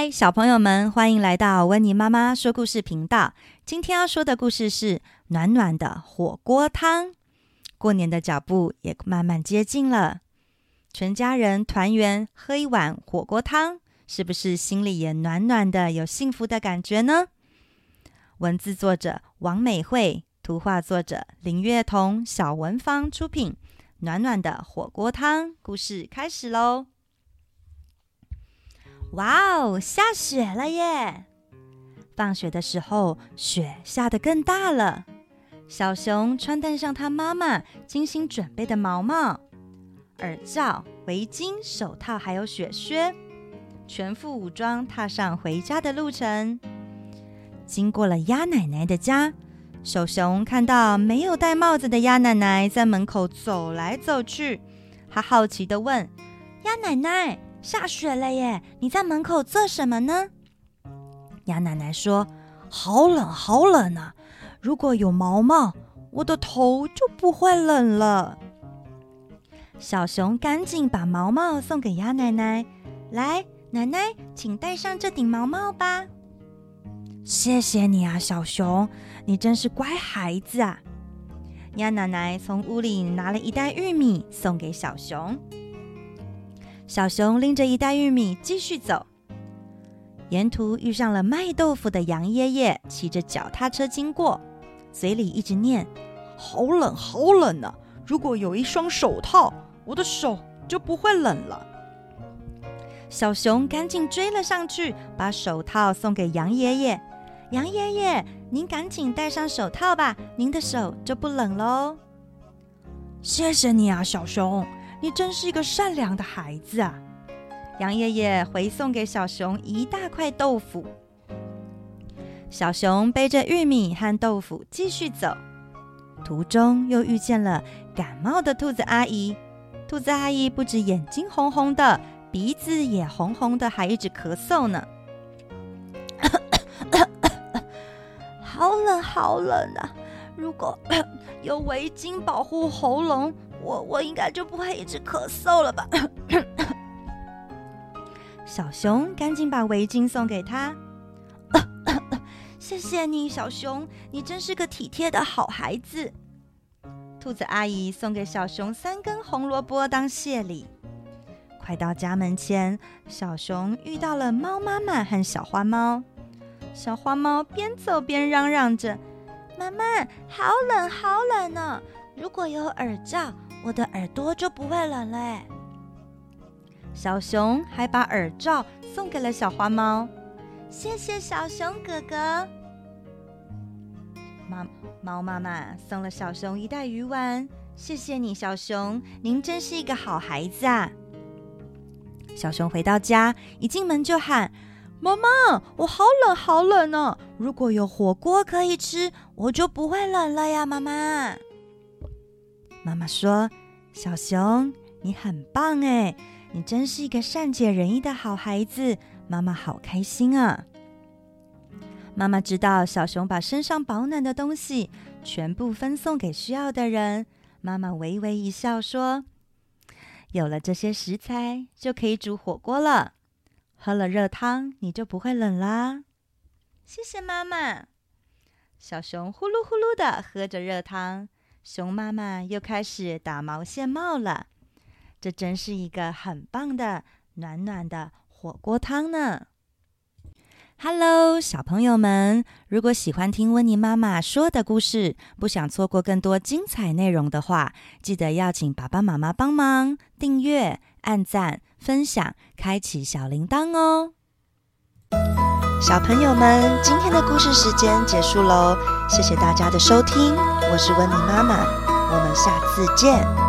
Hi, 小朋友們，歡迎來到溫妮媽媽說故事頻道。今天要說的故事是《暖暖的火鍋湯》。過年的腳步也慢慢接近了，全家人團圓喝一碗火鍋湯，是不是心裡也暖暖的，有幸福的感覺呢？文字作者王美慧，圖畫作者林月彤，小文房出品，《暖暖的火鍋湯》故事開始嘍。哇哦，wow, 下雪了耶！放學的時候，雪下得更大了。小熊穿戴上他媽媽精心準備的毛帽、耳罩、圍巾、手套，還有雪靴，全副武裝踏上回家的路程。經過了鴨奶奶的家，小熊看到沒有戴帽子的鴨奶奶在門口走來走去，他好奇地問：“鴨奶奶。”下雪了耶！你在門口做什麼呢？鴨奶奶說：“好冷，好冷啊！如果有毛毛，我的頭就不會冷了。”小熊趕緊把毛毛送給鴨奶奶：“來，奶奶，請戴上這頂毛帽吧。”謝謝你啊，小熊，你真是乖孩子啊！鴨奶奶從屋裡拿了一袋玉米送給小熊。小熊拎着一袋玉米繼續走，沿途遇上了賣豆腐的楊爺爺，騎着腳踏車經過，嘴裡一直念：“好冷，好冷呢、啊！如果有一雙手套，我的手就不會冷了。”小熊趕緊追了上去，把手套送給楊爺爺。楊爺爺，您趕緊戴上手套吧，您的手就不冷嘍。謝謝你啊，小熊。你真是一個善良的孩子啊！楊爺爺回送給小熊一大塊豆腐。小熊背着玉米和豆腐繼續走，途中又遇見了感冒的兔子阿姨。兔子阿姨不止眼睛紅紅的，鼻子也紅紅的，還一直咳嗽呢咳。好冷，好冷啊！如果有圍巾保護喉嚨，我我應該就不會一直咳嗽了吧？ 小熊趕緊把圍巾送給他， 謝謝你，小熊，你真是個體貼的好孩子。兔子阿姨送給小熊三根紅蘿蔔當謝禮。快到家門前，小熊遇到了貓媽媽和小花貓。小花貓邊走邊嚷嚷着：“媽媽，好冷，好冷呢、哦！如果有耳罩。”我的耳朵就不會冷了耶。小熊還把耳罩送給了小花貓，謝謝小熊哥哥。貓媽媽送了小熊一袋魚丸，謝謝你，小熊，您真是一個好孩子啊。小熊回到家，一進門就喊媽媽：“我好冷，好冷呢、啊！如果有火鍋可以吃，我就不會冷了呀，媽媽。”媽媽說：“小熊，你很棒哎，你真是一個善解人意的好孩子，媽媽好開心啊！”媽媽知道小熊把身上保暖的東西全部分送給需要的人，媽媽微微一笑說：“有了這些食材，就可以煮火鍋了。喝了熱湯，你就不會冷啦。”謝謝媽媽。小熊呼嚕呼嚕地喝着熱湯。熊媽媽又開始打毛線帽了，這真是一個很棒的暖暖的火鍋湯呢。Hello，小朋友們，如果喜歡聽溫妮媽媽說的故事，不想錯過更多精彩內容的話，記得要請爸爸媽媽幫忙訂閱、按贊、分享、開啟小鈴鐺哦。嗯。小朋友們，今天的故事時間結束嘍，謝謝大家的收聽，我是溫妮媽媽，我們下次見。